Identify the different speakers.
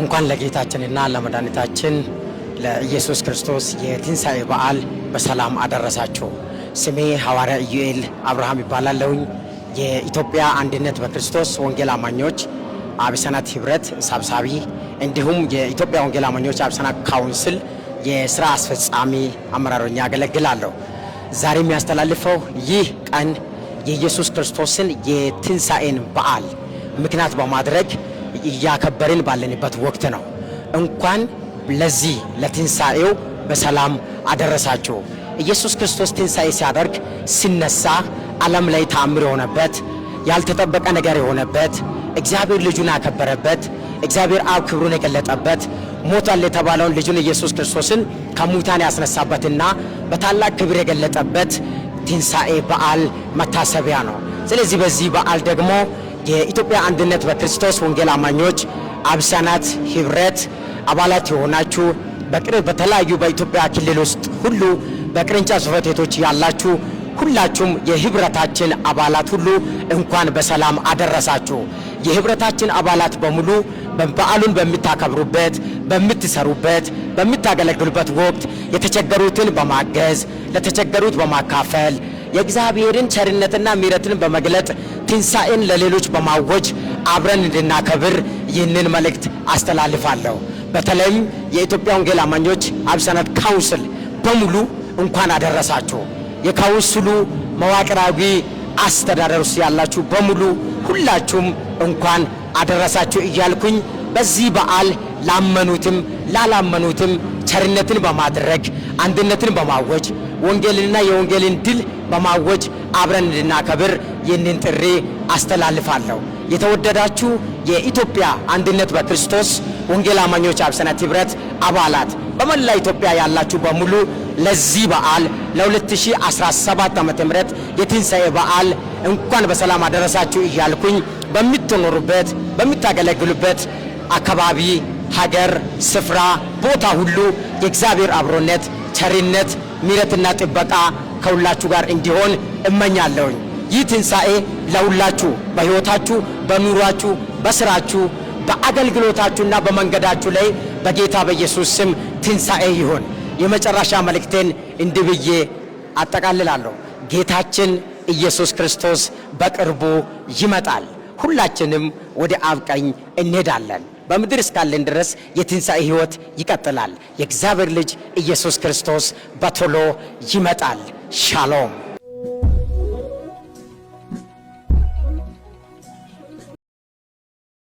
Speaker 1: እንኳን ለጌታችንና ለመድኃኒታችን ለኢየሱስ ክርስቶስ የትንሣኤ በዓል በሰላም አደረሳችሁ። ስሜ ሐዋርያ ኢዩኤል አብርሃም ይባላለሁኝ። የኢትዮጵያ አንድነት በክርስቶስ ወንጌል አማኞች አብሰናት ህብረት ሰብሳቢ እንዲሁም የኢትዮጵያ ወንጌል አማኞች አብሰናት ካውንስል የስራ አስፈጻሚ አመራሮኛ ያገለግላለሁ። ዛሬ የሚያስተላልፈው ይህ ቀን የኢየሱስ ክርስቶስን የትንሣኤን በዓል ምክንያት በማድረግ እያከበርን ባለንበት ወቅት ነው። እንኳን ለዚህ ለትንሣኤው በሰላም አደረሳችሁ። ኢየሱስ ክርስቶስ ትንሣኤ ሲያደርግ ሲነሳ ዓለም ላይ ተአምር የሆነበት ያልተጠበቀ ነገር የሆነበት እግዚአብሔር ልጁን ያከበረበት እግዚአብሔር አብ ክብሩን የገለጠበት ሞቷል የተባለውን ልጁን ኢየሱስ ክርስቶስን ከሙታን ያስነሳበትና በታላቅ ክብር የገለጠበት ትንሣኤ በዓል መታሰቢያ ነው። ስለዚህ በዚህ በዓል ደግሞ የኢትዮጵያ አንድነት በክርስቶስ ወንጌል አማኞች አብሳናት ህብረት አባላት የሆናችሁ በቅርብ በተለያዩ በኢትዮጵያ ክልል ውስጥ ሁሉ በቅርንጫፍ ጽሕፈት ቤቶች ያላችሁ ሁላችሁም የህብረታችን አባላት ሁሉ እንኳን በሰላም አደረሳችሁ። የህብረታችን አባላት በሙሉ በዓሉን በምታከብሩበት፣ በምትሰሩበት፣ በምታገለግሉበት ወቅት የተቸገሩትን በማገዝ ለተቸገሩት በማካፈል የእግዚአብሔርን ቸርነትና ምሕረትን በመግለጥ ትንሣኤን ለሌሎች በማወጅ አብረን እንድናከብር ይህንን መልእክት አስተላልፋለሁ። በተለይም የኢትዮጵያ ወንጌል አማኞች አብ ካውንስል በሙሉ እንኳን አደረሳችሁ። የካውንስሉ መዋቅራዊ አስተዳደር ውስጥ ያላችሁ በሙሉ ሁላችሁም እንኳን አደረሳችሁ እያልኩኝ በዚህ በዓል ላመኑትም ላላመኑትም ቸርነትን በማድረግ አንድነትን በማወጅ ወንጌልንና የወንጌልን ድል በማወጅ አብረን እንድናከብር ይህንን ጥሪ አስተላልፋለሁ። የተወደዳችሁ የኢትዮጵያ አንድነት በክርስቶስ ወንጌል አማኞች አብሰናት ህብረት አባላት በመላ ኢትዮጵያ ያላችሁ በሙሉ ለዚህ በዓል ለ2017 ዓ.ም የትንሣኤ በዓል እንኳን በሰላም አደረሳችሁ እያልኩኝ በምትኖሩበት በምታገለግሉበት አካባቢ፣ ሀገር፣ ስፍራ፣ ቦታ ሁሉ የእግዚአብሔር አብሮነት፣ ቸሪነት ምሕረትና ጥበቃ ከሁላችሁ ጋር እንዲሆን እመኛለሁኝ። ይህ ትንሣኤ ለሁላችሁ በሕይወታችሁ፣ በኑሯችሁ፣ በሥራችሁ፣ በአገልግሎታችሁና በመንገዳችሁ ላይ በጌታ በኢየሱስ ስም ትንሣኤ ይሆን። የመጨረሻ መልእክቴን እንዲህ ብዬ አጠቃልላለሁ። ጌታችን ኢየሱስ ክርስቶስ በቅርቡ ይመጣል። ሁላችንም ወደ አብ ቀኝ እንሄዳለን። በምድር እስካለን ድረስ የትንሣኤ ሕይወት ይቀጥላል። የእግዚአብሔር ልጅ ኢየሱስ ክርስቶስ በቶሎ ይመጣል። Shalom.